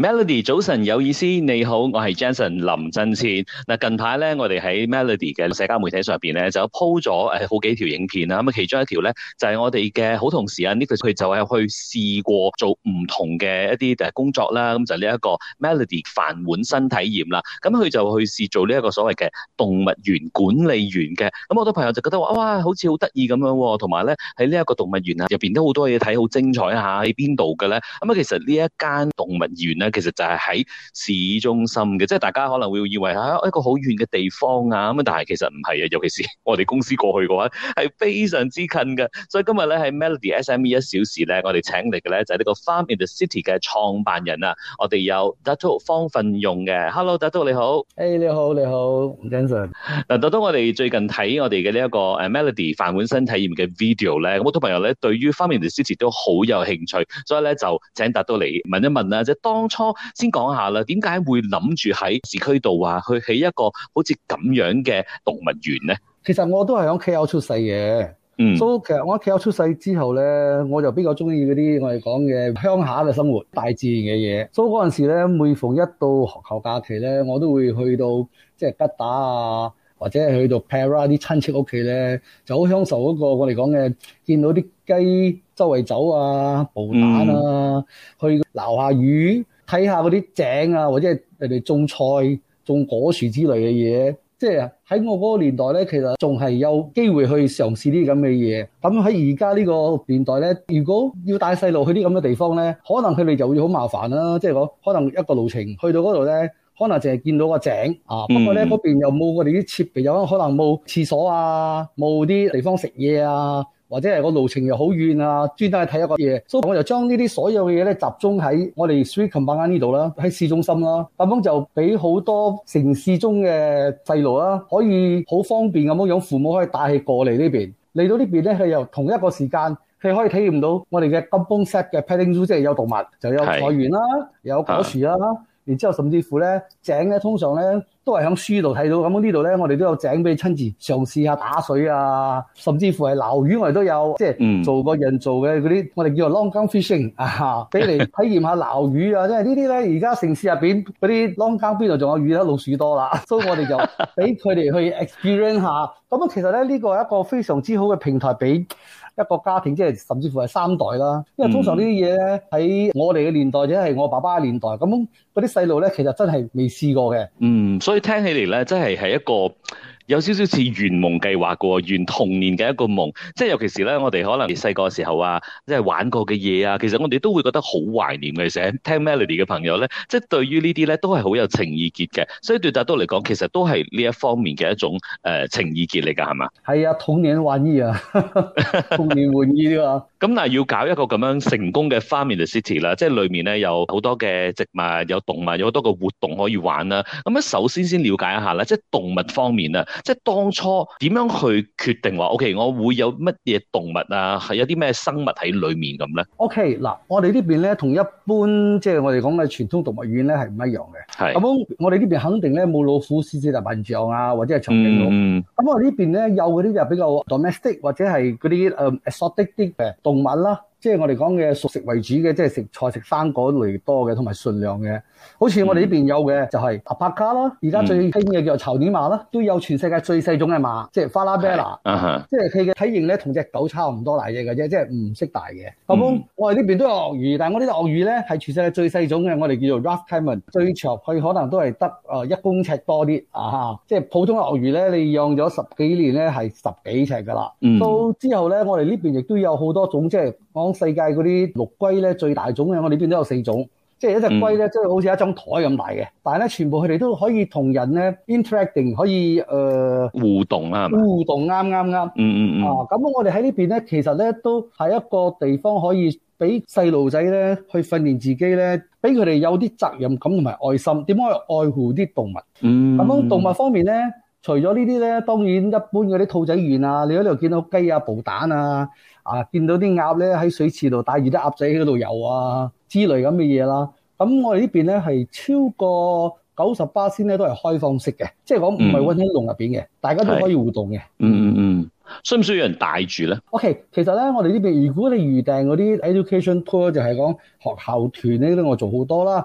Melody，早晨有意思，你好，我係 Jenson 林振倩。嗱近排咧，我哋喺 Melody 嘅社交媒體上邊咧，就 po 咗誒好幾條影片啊。咁啊，其中一條咧就係、是、我哋嘅好同事啊 Nicholas 佢就係去試過做唔同嘅一啲誒工作啦。咁就呢、是、一個 Melody 飯碗新體驗啦。咁佢就去試做呢一個所謂嘅動物園管理員嘅。咁好多朋友就覺得話：哇，好似好得意咁樣喎！同埋咧喺呢一個動物園啊，入邊都好多嘢睇，好精彩。下喺邊度嘅咧？咁啊，其實呢一間動物園咧。其實就係喺市中心嘅，即係大家可能會以為啊一個好遠嘅地方啊咁，但係其實唔係啊，尤其是我哋公司過去嘅話，係非常之近嘅。所以今日咧係 Melody SME 一小時咧，我哋請嚟嘅咧就係呢個 Farm in the City 嘅創辦人啊。我哋有達都方奮用嘅，Hello，Dato，你好，誒、hey, 你好你好 Johnson 嗱，達都我哋最近睇我哋嘅呢一個誒 Melody 飯館新體驗嘅 video 咧，好多朋友咧對於 Farm in the City 都好有興趣，所以咧就請 Dato 嚟問一問啊。即係當初。先講下啦，點解會諗住喺市區度話去起一個好似咁樣嘅動物園咧？其實我都係喺 K L 出世嘅，嗯，所以其實我喺 K L 出世之後咧，我就比較中意嗰啲我哋講嘅鄉下嘅生活、大自然嘅嘢。所以嗰陣時咧，每逢一到學校假期咧，我都會去到即係、就是、吉打啊，或者去到 Perak 啲親戚屋企咧，就好享受嗰個我哋講嘅見到啲雞周圍走啊、捕蛋啊，嗯、去撈下魚。睇下嗰啲井啊，或者係人哋種菜、種果樹之類嘅嘢，即係喺我嗰個年代咧，其實仲係有機會去嘗試啲咁嘅嘢。咁喺而家呢個年代咧，如果要帶細路去啲咁嘅地方咧，可能佢哋就會好麻煩啦、啊。即係講可能一個路程去到嗰度咧，可能淨係見到個井啊，不過咧嗰邊又冇我哋啲設備，有可能冇廁所啊，冇啲地方食嘢啊。或者係個路程又好遠啊，專登去睇一個嘢，所、so, 以我就將呢啲所有嘅嘢咧集中喺我哋 Street Companion 呢度啦，喺市中心啦、啊，咁樣就俾好多城市中嘅細路啦，可以好方便咁樣，父母可以帶佢過嚟呢邊，嚟到呢邊咧佢由同一個時間，佢可以體驗到我哋嘅 double set 嘅 petting zoo，即係有動物，就有菜園啦、啊，是有果樹啦、啊，啊、然之後甚至乎咧井咧通常咧。都係喺書度睇到，咁呢度咧，我哋都有井俾你親自嘗試下打水啊，甚至乎係撈魚，我哋都有，即係做個人做嘅嗰啲，我哋叫做 long gun fishing 啊，俾你體驗一下撈魚啊，即係 呢啲咧，而家城市入邊嗰啲 long gun 邊度仲有魚咧，老鼠多啦，所以我哋就俾佢哋去 experience 下。咁其實咧呢個係一個非常之好嘅平台俾。一個家庭，即係甚至乎係三代啦。因為通常呢啲嘢咧，喺我哋嘅年代，或者係我爸爸嘅年代，咁嗰啲細路咧，其實真係未試過嘅。嗯，所以聽起嚟咧，真係係一個。有少少似圓夢計劃嘅喎，圓童年嘅一個夢，即係尤其係咧，我哋可能細個時候啊，即係玩過嘅嘢啊，其實我哋都會覺得好懷念嘅。成聽 Melody 嘅朋友咧，即係對於呢啲咧都係好有情意結嘅，所以對大多嚟講，其實都係呢一方面嘅一種誒情意結嚟㗎，係嘛？係啊，童年玩意啊，哈哈童年玩意啊！咁嗱，要搞一個咁樣成功嘅 Farm in the City 啦， 即係裡面咧有好多嘅植物、有動物、有好多個活動可以玩啦。咁咧，首先先了解一下啦，即係動物方面啊。即係當初點樣去決定話 OK，我會有乜嘢動物啊，係有啲咩生物喺裡面咁咧？OK，嗱，我哋呢邊咧同一般即係、就是、我哋講嘅傳統動物園咧係唔一樣嘅。係咁是，咁我哋呢邊肯定咧冇老虎、獅子、大笨象啊，或者係長頸鹿。咁、嗯、我哋呢邊咧有嗰啲就比較 domestic 或者係嗰啲誒 exotic 啲嘅動物啦、啊。即係我哋講嘅熟食為主嘅，即係食菜食生果類多嘅，同埋純量嘅。好似我哋呢邊有嘅就係阿帕卡啦，而家最新嘅叫做草泥馬啦，都有全世界最細種嘅馬，即係法拉貝拉。即係佢嘅體型咧同隻狗差唔多大隻嘅啫，即係唔識大嘅。咁我哋呢邊都有鱷魚，但我呢度鱷魚咧係全世界最細種嘅，我哋叫做 Rastaman，最長佢可能都係得誒一公尺多啲啊！即係普通嘅鱷魚咧，你養咗十幾年咧係十幾尺㗎啦。到之後咧，我哋呢邊亦都有好多種，即係世界嗰啲陸龜咧最大種嘅，我哋邊都有四種，即係一隻龜咧，即係、嗯、好似一張台咁大嘅，但係咧全部佢哋都可以同人咧 interacting，可以誒、呃、互動啦，係嘛？互動啱啱啱，嗯嗯嗯。啊，咁我哋喺呢邊咧，其實咧都係一個地方可以俾細路仔咧去訓練自己咧，俾佢哋有啲責任感同埋愛心，點樣去愛護啲動物？嗯，咁樣動物方面咧。除咗呢啲咧，當然一般嗰啲兔仔園啊，你喺度見到雞啊、布蛋啊，啊見到啲鴨咧喺水池度帶住啲鴨仔喺度遊啊之類咁嘅嘢啦。咁我哋呢邊咧係超過九十八先咧都係開放式嘅，即係講唔係温喺籠入面嘅，嗯、大家都可以互動嘅。嗯嗯嗯，需唔需要有人帶住咧？OK，其實咧我哋呢邊，如果你預訂嗰啲 education tour，就係講學校團呢啲，我做好多啦。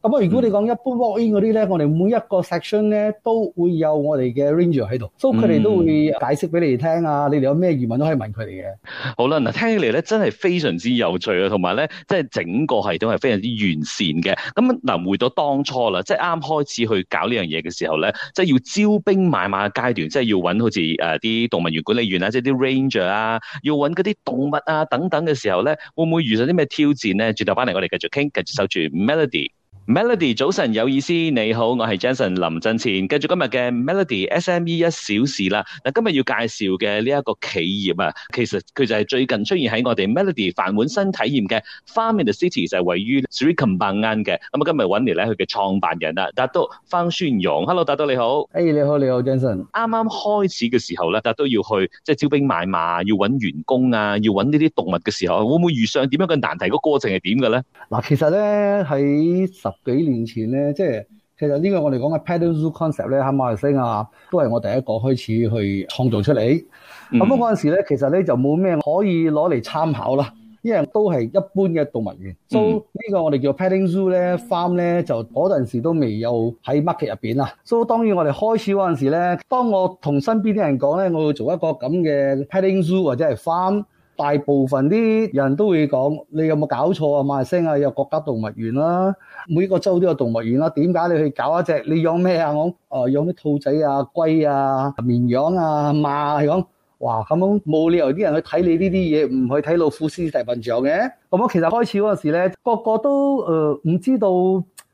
咁啊！如果你講一般 walk in 嗰啲咧，我哋每一個 section 咧都會有我哋嘅 ranger 喺度，所以佢哋都會解釋俾你哋聽啊。你哋有咩疑問都可以問佢哋嘅。好啦，嗱聽起嚟咧，真係非常之有趣啊，同埋咧即係整個系統係非常之完善嘅。咁嗱，回到當初啦，即係啱開始去搞呢樣嘢嘅時候咧，即係要招兵買馬嘅階段，即係要揾好似誒啲動物園管理員啊，即係啲 ranger 啊，要揾嗰啲動物啊等等嘅時候咧，會唔會遇上啲咩挑戰咧？轉頭翻嚟，我哋繼續傾，繼續守住 melody。Melody，早晨有意思，你好，我係 Jason 林振前，繼續今日嘅 Melody S M E 一小時啦。嗱，今日要介紹嘅呢一個企業啊，其實佢就係最近出現喺我哋 Melody 繁滿新體驗嘅 Farm in the City，就係位於 Seri Kembangan 嘅。咁啊，今日搵嚟咧，佢嘅創辦人啦，大都方宣揚。Hello，大都你好，哎，hey, 你好，你好，Jason。啱啱開始嘅時候咧，大都要去即係、就是、招兵買馬，要搵員工啊，要搵呢啲動物嘅時候，會唔會遇上點樣嘅難題？個過程係點嘅咧？嗱，其實咧喺十。幾年前咧，即係其實呢個我哋講嘅 petting zoo concept 咧，喺馬來西亞都係我第一個開始去創造出嚟。咁嗰陣時咧，其實咧就冇咩可以攞嚟參考啦，因為都係一般嘅動物園。so 呢個我哋叫 petting zoo 咧 farm 咧，就嗰陣時都未有喺 market 入邊啦。so 當然我哋開始嗰陣時咧，當我同身邊啲人講咧，我要做一個咁嘅 petting zoo 或者係 farm。大部分啲人都會講，你有冇搞錯啊？馬來西亞有國家動物園啦，每個州都有動物園啦。點解你去搞一隻？你養咩啊？我啊養啲兔仔啊、龜啊、綿羊啊、馬啊。係講哇，咁樣冇理由啲人去睇你呢啲嘢，唔去睇老虎獅大笨象嘅。咁樣其實開始嗰陣時咧，個個都誒唔知道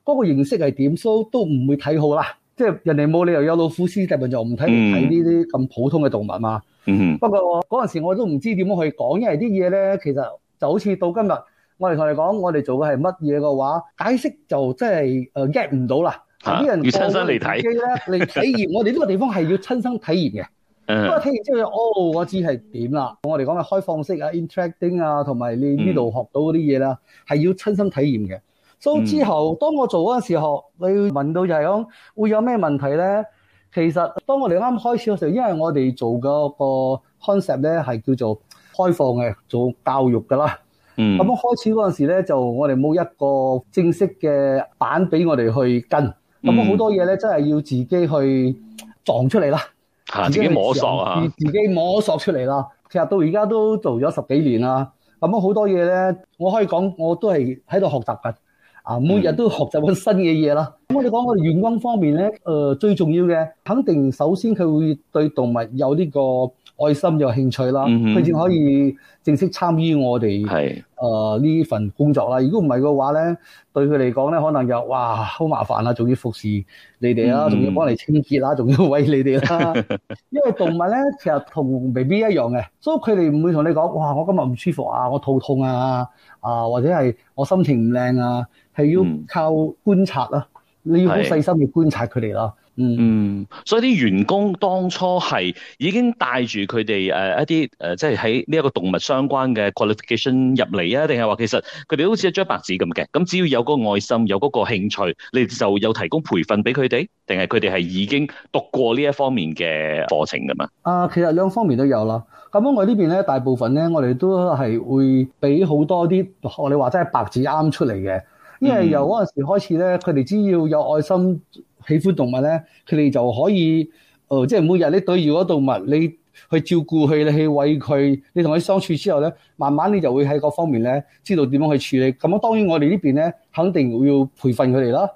嗰個形式係點，所以都唔會睇好啦。即係人哋冇理由有老虎獅大笨象，唔睇睇呢啲咁普通嘅動物嘛。嗯、mm hmm. 不過我嗰陣時我都唔知點樣去講，因為啲嘢咧，其實就好似到今日，我哋同你講，我哋做嘅係乜嘢嘅話，解釋就真係誒 get 唔到啦。吓、呃，啲人要親身嚟睇，嚟 體驗。我哋呢個地方係要親身體驗嘅。嗯、mm，不、hmm. 過體驗之後，哦，我知係點啦。我哋講嘅開放式啊，interacting 啊，同埋你呢度學到嗰啲嘢啦，係、mm hmm. 要親身體驗嘅。所、so、以之後，當我做嗰陣時候，你問到就係講會有咩問題咧？其實當我哋啱開始嘅時候，因為我哋做嗰個 concept 咧係叫做開放嘅，做教育噶啦。嗯。咁樣開始嗰陣時咧，就我哋冇一個正式嘅板俾我哋去跟，咁好、嗯、多嘢咧真係要自己去撞出嚟啦。啊、自己自摸索啊！自己摸索出嚟啦。其實到而家都做咗十幾年啦，咁樣好多嘢咧，我可以講我都係喺度學習緊。啊，每日都學習新嘅嘢啦。咁我哋講我哋員工方面咧，誒、呃、最重要嘅，肯定首先佢會對動物有呢個愛心有興趣啦，佢正、mm hmm. 可以正式參與我哋係誒呢份工作啦。如果唔係嘅話咧，對佢嚟講咧，可能又哇好麻煩啦，仲要服侍你哋啊，仲、mm hmm. 要幫你清潔啦，仲要餵你哋啦。 因為動物咧其實同 B B 一樣嘅，所以佢哋唔會同你講哇，我今日唔舒服啊，我肚痛啊，啊或者係我心情唔靚啊，係要靠觀察啦、啊。Mm hmm. 你要好細心去觀察佢哋咯，嗯。嗯，所以啲員工當初係已經帶住佢哋一啲誒，即係喺呢一個動物相關嘅 qualification 入嚟啊，定係話其實佢哋好似一張白紙咁嘅？咁只要有嗰個愛心，有嗰個興趣，你就有提供培訓俾佢哋，定係佢哋係已經讀過呢一方面嘅課程㗎嘛？啊，其實兩方面都有啦。咁樣我這邊呢邊咧，大部分咧，我哋都係會俾好多啲我哋話真係白紙啱出嚟嘅。因為由嗰陣時開始咧，佢哋只要有愛心、喜歡動物咧，佢哋就可以，誒、呃，即係每日你對住嗰動物，你去照顧佢，你去餵佢，你同佢相處之後咧，慢慢你就會喺各方面咧，知道點樣去處理。咁樣當然我哋呢邊咧，肯定要培訓佢哋啦，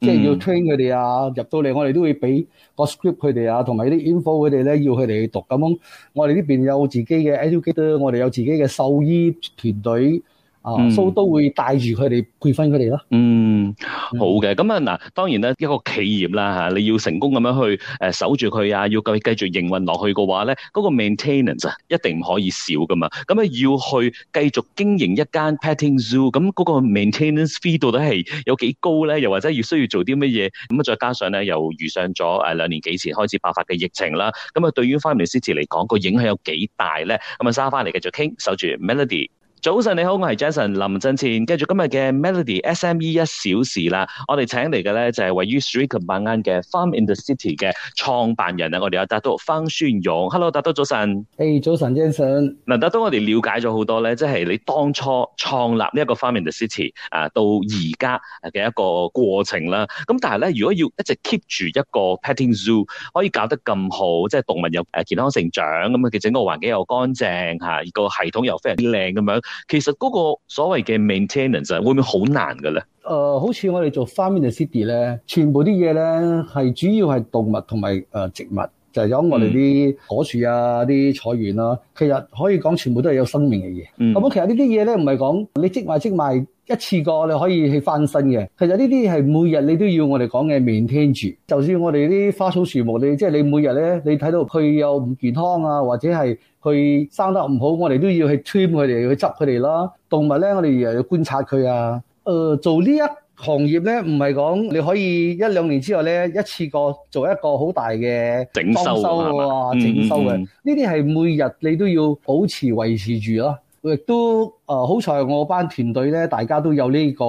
即係要 train 佢哋啊。入到嚟我哋都會俾個 script 佢哋啊，同埋啲 info 佢哋咧，要佢哋去讀。咁樣我哋呢邊有自己嘅 educator，我哋有自己嘅獸醫團隊。啊嗯、都會帶住佢哋配返佢哋咯。嗯，好嘅，咁啊嗱，當然咧一個企業啦嚇，你要成功咁樣去誒守住佢啊，要繼繼續營運落去嘅話咧，嗰、那個 maintenance 啊一定唔可以少噶嘛。咁啊，要去繼續經營一間 petting zoo，咁嗰個 maintenance fee 到底係有幾高咧？又或者要需要做啲乜嘢？咁啊，再加上咧又遇上咗誒兩年幾前開始爆發嘅疫情啦，咁啊，對於 Farm City 嚟講個影響有幾大咧？咁啊，稍後翻嚟繼續傾，守住 Melody。早晨，你好，我係 Jason 林振前，繼續今日嘅 Melody SME 一小時啦。我哋請嚟嘅咧就係位於 Seri Kembangan 嘅 Farm in the City 嘅創辦人啊，我哋有達都方宣勇。Hello，達都早晨。誒，hey, 早晨，Jason。嗱，達都我哋了解咗好多咧，即係你當初創立呢一個 Farm in the City 啊，到而家嘅一個過程啦。咁但係咧，如果要一直 keep 住一個 petting zoo 可以搞得咁好，即係動物又誒健康成長，咁啊，佢整個環境又乾淨吓，個系統又非常之靚咁樣。其實嗰個所謂嘅 maintenance 會唔會好難㗎呢？呃，好似我哋做 Farm in the City 呢，全部啲嘢呢係主要係動物同埋植物。就係咗我哋啲果樹啊、啲菜園啊，其實可以講全部都係有生命嘅嘢。咁、嗯、其實呢啲嘢咧，唔係講你積埋積埋一次過你可以去翻新嘅。其實呢啲係每日你都要我哋講嘅 maintain 住。就算我哋啲花草樹木，你即係你每日咧，你睇到佢有唔健康啊，或者係佢生得唔好，我哋都要去 trim 佢哋，去執佢哋啦。動物咧，我哋又要觀察佢啊。誒、呃，做呢一行業咧，唔係講你可以一兩年之後咧，一次過做一個好大嘅整修㗎。吧整修嘅，呢啲係每日你都要保持維持住咯。亦都誒、呃、好彩我班團隊咧，大家都有呢個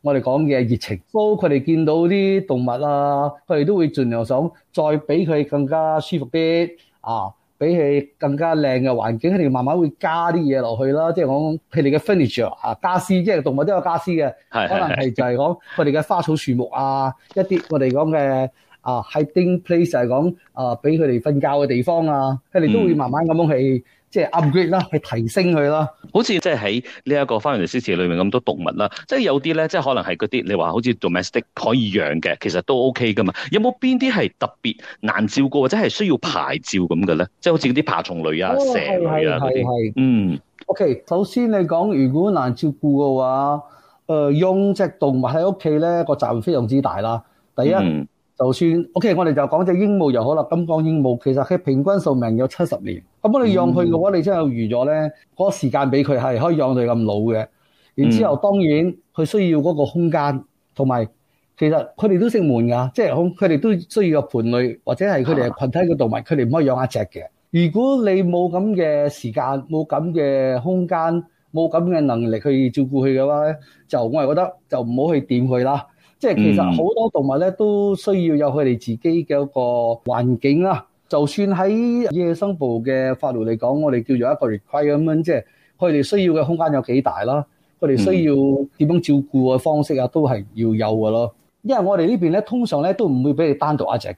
我哋講嘅熱情，都佢哋見到啲動物啊，佢哋都會盡量想再俾佢更加舒服啲啊。比起更加靚嘅環境，佢哋慢慢會加啲嘢落去啦。即係講佢哋嘅 furniture 啊，家俬，即係動物都有家私嘅。是的 可能係就係講佢哋嘅花草樹木啊， 一啲我哋講嘅啊，hiding place 就係講啊，俾佢哋瞓覺嘅地方啊，佢哋都會慢慢咁樣去。嗯即係 upgrade 啦，去提升佢啦。好似即係喺呢一個花園獅子裏面咁多動物啦，即、就、係、是、有啲咧，即、就、係、是、可能係嗰啲你話好似 domestic 可以養嘅，其實都 OK 㗎嘛。有冇邊啲係特別難照顧或者係需要牌照咁嘅咧？即、就、係、是、好似嗰啲爬蟲類啊、哦、蛇類啊，嗯。O、okay, K，首先你講如果難照顧嘅話，呃、用養隻動物喺屋企咧，個責任非常之大啦。第一。嗯就算 OK，我哋就講隻鸚鵡又好啦。金剛鸚鵡其實佢平均壽命有七十年。咁我哋養佢嘅話，你真係預咗咧個時間俾佢係可以養到佢咁老嘅。然之後當然佢需要嗰個空間，同埋其實佢哋都識悶㗎，即係好佢哋都需要個伴侶或者係佢哋係群體嘅動物，佢哋唔可以養一隻嘅。如果你冇咁嘅時間，冇咁嘅空間，冇咁嘅能力去照顧佢嘅話，就我係覺得就唔好去掂佢啦。即係其實好多動物咧都需要有佢哋自己嘅一個環境啦。就算喺野生部嘅法律嚟講，我哋叫做一個 requirement 咁樣，即係佢哋需要嘅空間有幾大啦。佢哋需要點樣照顧嘅方式啊，都係要有嘅咯。因為我哋呢邊咧通常咧都唔會俾你單獨一隻嘅，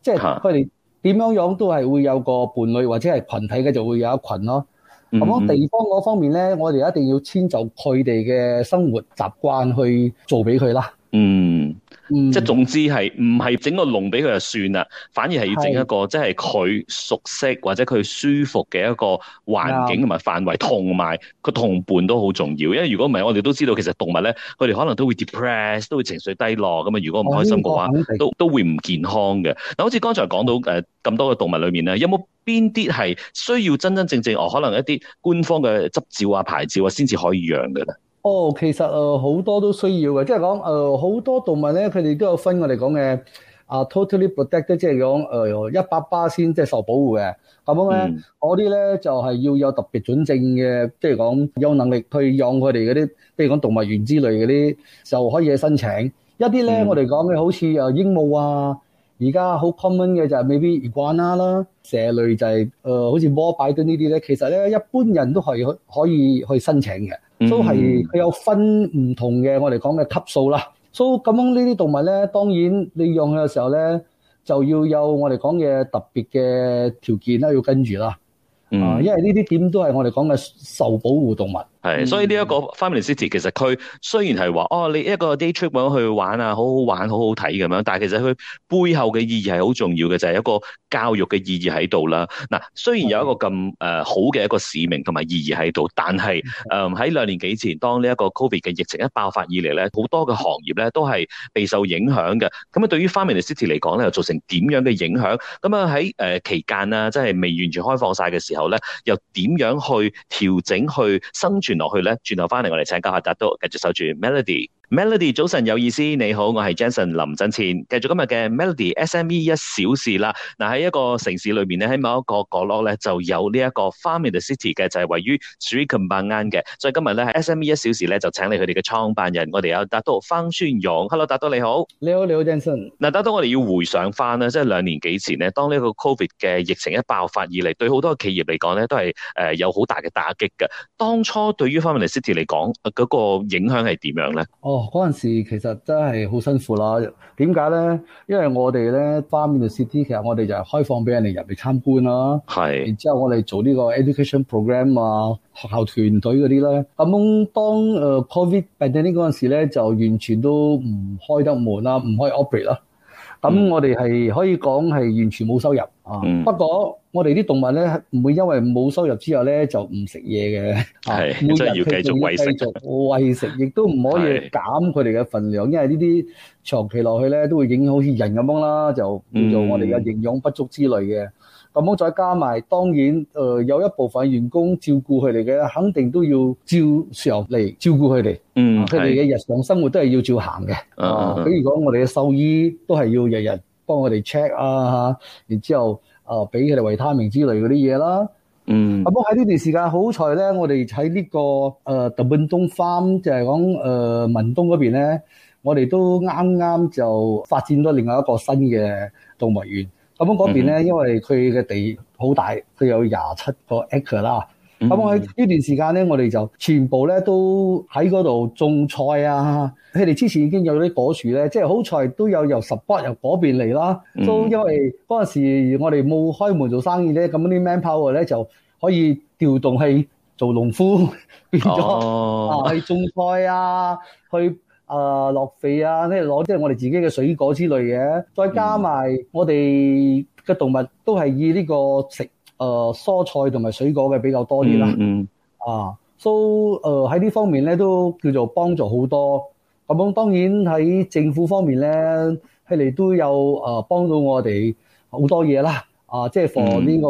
即係佢哋點樣樣都係會有個伴侶或者係群體嘅就會有一群咯。咁地方嗰方面咧，我哋一定要遷就佢哋嘅生活習慣去做俾佢啦。嗯，嗯，即係總之係唔係整個籠俾佢就算啦，反而係要整一個是即係佢熟悉或者佢舒服嘅一個環境同埋範圍，同埋個同伴都好重要。因為如果唔係，我哋都知道其實動物咧，佢哋可能都會 depress，都會情緒低落。咁啊，如果唔開心嘅話，都都會唔健康嘅。嗱，好似剛才講到誒咁多嘅動物裏面咧，有冇邊啲係需要真真正正哦，可能一啲官方嘅執照啊、牌照啊，先至可以養嘅咧？哦，其實誒好、呃、多都需要嘅，即係講誒好多動物咧，佢哋都有分我哋講嘅啊，totally protected，即係講誒一百巴仙即係受保護嘅。咁樣咧，啲咧就係、是、要有特別準證嘅，即係講有能力去養佢哋嗰啲，譬如講動物園之類嗰啲，就可以申請一呢。一啲咧，我哋講嘅好似誒鸚鵡啊，而家好 common 嘅就係 maybe iguana 啦，蛇類就係、是、誒、呃、好似 more bites 呢啲咧，其實咧一般人都可以可以去申請嘅。都係佢有分唔同嘅，我哋講嘅級數啦。所以咁樣呢啲動物咧，當然你用嘅時候咧，就要有我哋講嘅特別嘅條件啦，要跟住啦。啊、嗯，因為呢啲點都係我哋講嘅受保護動物。係，所以呢一個 family city 其實佢雖然係話哦，你一個 day trip 咁樣去玩啊，好好玩，好好睇咁樣，但係其實佢背後嘅意義係好重要嘅，就係一個教育嘅意義喺度啦。嗱，雖然有一個咁誒好嘅一個使命同埋意義喺度，但係誒喺兩年幾前，當呢一個 covid 嘅疫情一爆發以嚟咧，好多嘅行業咧都係備受影響嘅。咁啊，對於 family city 嚟講咧，又造成點樣嘅影響？咁啊喺誒期間啊，即係未完全開放晒嘅時候咧，又點樣去調整去生存？轉落去咧，轉頭翻嚟，我哋請教下達多，繼續守住 melody。Melody 早晨有意思，你好，我係 Jason 林振前，繼續今日嘅 Melody SME 一小時啦。嗱、啊、喺一個城市裏面，咧，喺某一個角落咧就有呢一個 Farm in the City 嘅，就係、是、位於 Seri Kembangan 嘅。所以今日咧喺 SME 一小時咧就請你佢哋嘅創辦人，我哋有達都方宣勇。Hello，達都你，你好，你好你好，Jason。嗱，達、啊、到我哋要回想翻啦，即係兩年幾前咧，當呢個 Covid 嘅疫情一爆發以嚟，對好多企業嚟講咧都係誒有好大嘅打擊嘅。當初對於 Farm in the City 嚟講嗰個影響係點樣咧？Oh, 嗰陣時其實真係好辛苦啦，點解咧？因為我哋咧方面嘅設施其實我哋就開放俾人哋入嚟參觀啦。係，然後之後我哋做呢個 education program 啊，學校團隊嗰啲咧。咁當誒 COVID pandemic 嗰陣時咧，就完全都唔開得門啦，唔可以 operate 啦。咁、嗯、我哋係可以講係完全冇收入啊、嗯，不過我哋啲動物咧唔會因為冇收入之後咧就唔是 食嘢嘅，每日都要繼續餵食，餵食亦都唔可以減佢哋嘅份量，因為呢啲長期落去咧都會影響好似人咁樣啦、啊，就叫做我哋嘅營養不足之類嘅、嗯。 咁樣再加埋，當然誒有一部分員工照顧佢哋嘅，肯定都要照常嚟照顧佢哋。嗯，佢哋嘅日常生活都係要照行嘅。啊，比、啊、如講我哋嘅獸醫都係要日日幫我哋 check 啊，然之後啊俾佢哋維他命之類嗰啲嘢啦。嗯，啊，不過喺呢段時間，好彩咧、這個呃呃，我哋喺呢個誒屯門東 farm，就係講誒文東嗰邊咧，我哋都啱啱就發展咗另外一個新嘅動物園。咁嗰邊咧，因為佢嘅地好大，佢有廿七個 acre 啦、嗯。咁喺呢段時間咧，我哋就全部咧都喺嗰度種菜啊。佢哋之前已經有啲果樹咧，即係好彩都有由十樖由嗰邊嚟啦。都、嗯、因為嗰陣時我哋冇開門做生意咧，咁啲 manpower 咧就可以調動去做農夫，變咗去、啊啊、種菜啊，去。啊，落肥啊，呢攞即係我哋自己嘅水果之類嘅，再加埋我哋嘅動物、嗯、都係以呢個食誒蔬菜同埋水果嘅比較多啲啦，嗯。嗯，啊，so 誒喺呢方面咧都叫做幫助好多。咁當然喺政府方面咧，佢哋都有誒幫到我哋好多嘢啦。啊，即係防呢個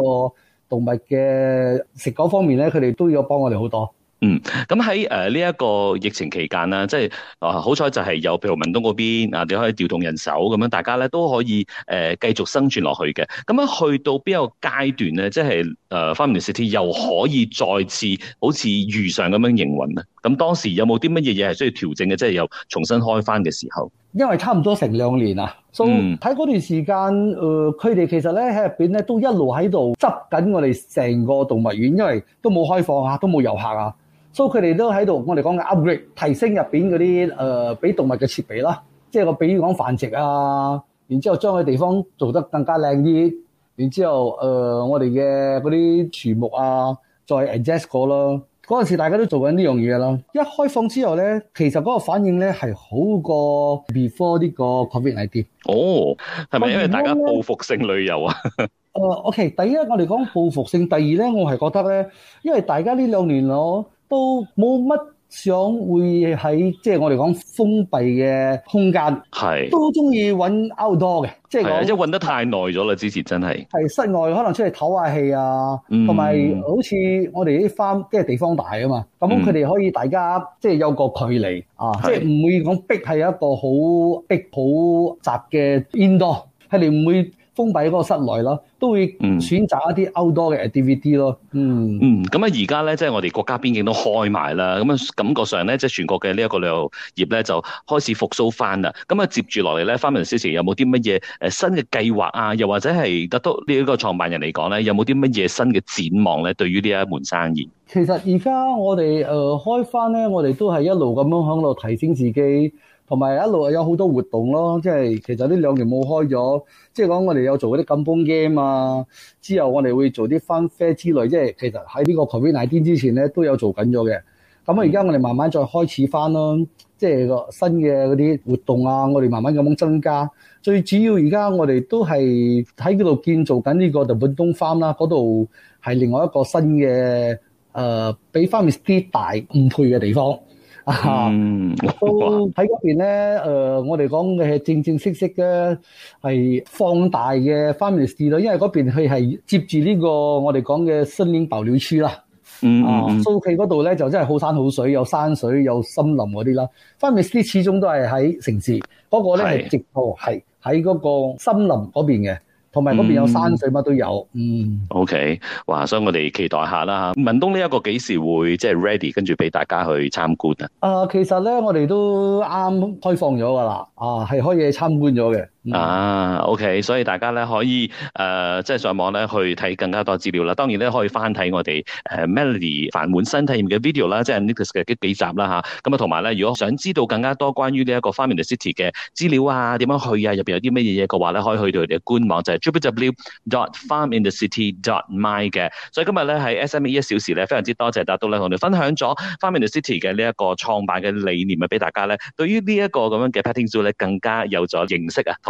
動物嘅食嗰方面咧，佢哋都有幫我哋好多。嗯，咁喺呢一個疫情期間啦，即係啊好彩就係有，譬如文東嗰邊啊，你可以調動人手咁樣，大家咧都可以誒繼續生存落去嘅。咁樣去到邊個階段咧，即係誒 Farm City 又可以再次好似如常咁樣營運咧？咁當時有冇啲乜嘢嘢係需要調整嘅，即係又重新開翻嘅時候？因為差唔多成兩年啦，所以喺嗰段時間，誒佢哋其實咧喺入邊咧都一路喺度執緊我哋成個動物園，因為都冇開放啊，都冇遊客啊。所以佢哋都喺度，我哋講嘅 upgrade 提升入邊嗰啲，誒、呃、俾動物嘅設備啦，即係我比如講繁殖啊，然之後將個地方做得更加靚啲，然之後、呃、我哋嘅嗰啲樹木啊，再 adjust 過囉。嗰陣時大家都做緊呢樣嘢啦。一開放之後咧，其實嗰個反應咧係好過 before 呢個 COVID-19。哦，係咪、oh，因為大家報復性旅遊啊？誒、 呃、OK，第一我哋講報復性，第二咧我係覺得咧，因為大家呢兩年我。都冇乜想會喺，即係我哋講封閉嘅空間，係的都中意搵 outdoor 嘅，即係即係搵得太耐咗啦！之前真係係室外可能出去唞下氣啊，同埋、嗯、好似我哋啲 farm 即係地方大啊嘛，咁佢哋可以大家即係、就是、有個距離的啊，即係唔會講逼係一個好逼好窄嘅 indoor，係你唔會。封閉喺個室內咯，都會選擇一啲 o 多嘅 DVD 咯。嗯嗯，咁啊而家咧，即、就、係、是、我哋國家邊境都開埋啦，咁啊感覺上咧，即、就、係、是、全國嘅呢一個旅遊業咧就開始復甦翻啦。咁啊接住落嚟咧翻文 m i 有冇啲乜嘢誒新嘅計劃啊？又或者係得到呢一個創辦人嚟講咧，有冇啲乜嘢新嘅展望咧？對於呢一門生意，其實而家我哋誒、呃、開翻咧，我哋都係一路咁樣響度提升自己。同埋一路有好多活動咯，即係其實呢兩年冇開咗，即係講我哋有做嗰啲禁風 game 啊，之後我哋會做啲 funfair 之類即係、就是、其實喺呢個 COVID nineteen 之前咧都有做緊咗嘅。咁啊，而家我哋慢慢再開始翻咯，即係個新嘅嗰啲活動啊，我哋慢慢咁樣增加。最主要而家我哋都係喺呢度建造緊呢個日本東東方啦，嗰度係另外一個新嘅誒、呃，比返 Farmistry 大五倍嘅地方。嗯、 啊，都喺嗰邊咧？誒、呃，我哋講嘅係正正式式嘅係放大嘅 f a m 翻面市咯，因為嗰邊佢係接住呢個我哋講嘅森林爆料區啦、嗯。嗯，蘇企嗰度咧就真係好山好水，有山水有森林嗰啲啦。 f a m i 翻面啲始終都係喺城市，嗰、那個咧係直鋪，係喺嗰個森林嗰邊嘅。同埋嗰邊有山水、嗯，乜都有。嗯，OK，哇！所以我哋期待一下啦，文東呢一個幾時會即係 ready，跟住俾大家去參觀啊？呃，其實呢，我哋都啱開放咗㗎啦，啊，係可以參觀咗嘅。啊、嗯 ah，OK，所以大家咧，可以誒即係上網咧去睇更加多資料啦。當然咧，可以翻睇我哋誒 Melody 繁滿身體驗嘅 video 啦，即係 Nikus 嘅幾集啦吓。咁啊，同埋咧，如果想知道更加多關於呢一個 Farm in the City 嘅資料啊，點樣去啊，入邊有啲咩嘢嘢嘅話咧，可以去到佢哋嘅官網就係、是、www.dot.farm.in.the.city.dot.my 嘅。所以今日咧喺 SME 一小時咧，非常之多謝達都咧同我哋分享咗 Farm in the City 嘅呢一個創辦嘅理念啊，俾大家咧，對於呢一個咁樣嘅 petting zoo 咧，更加有咗認識啊。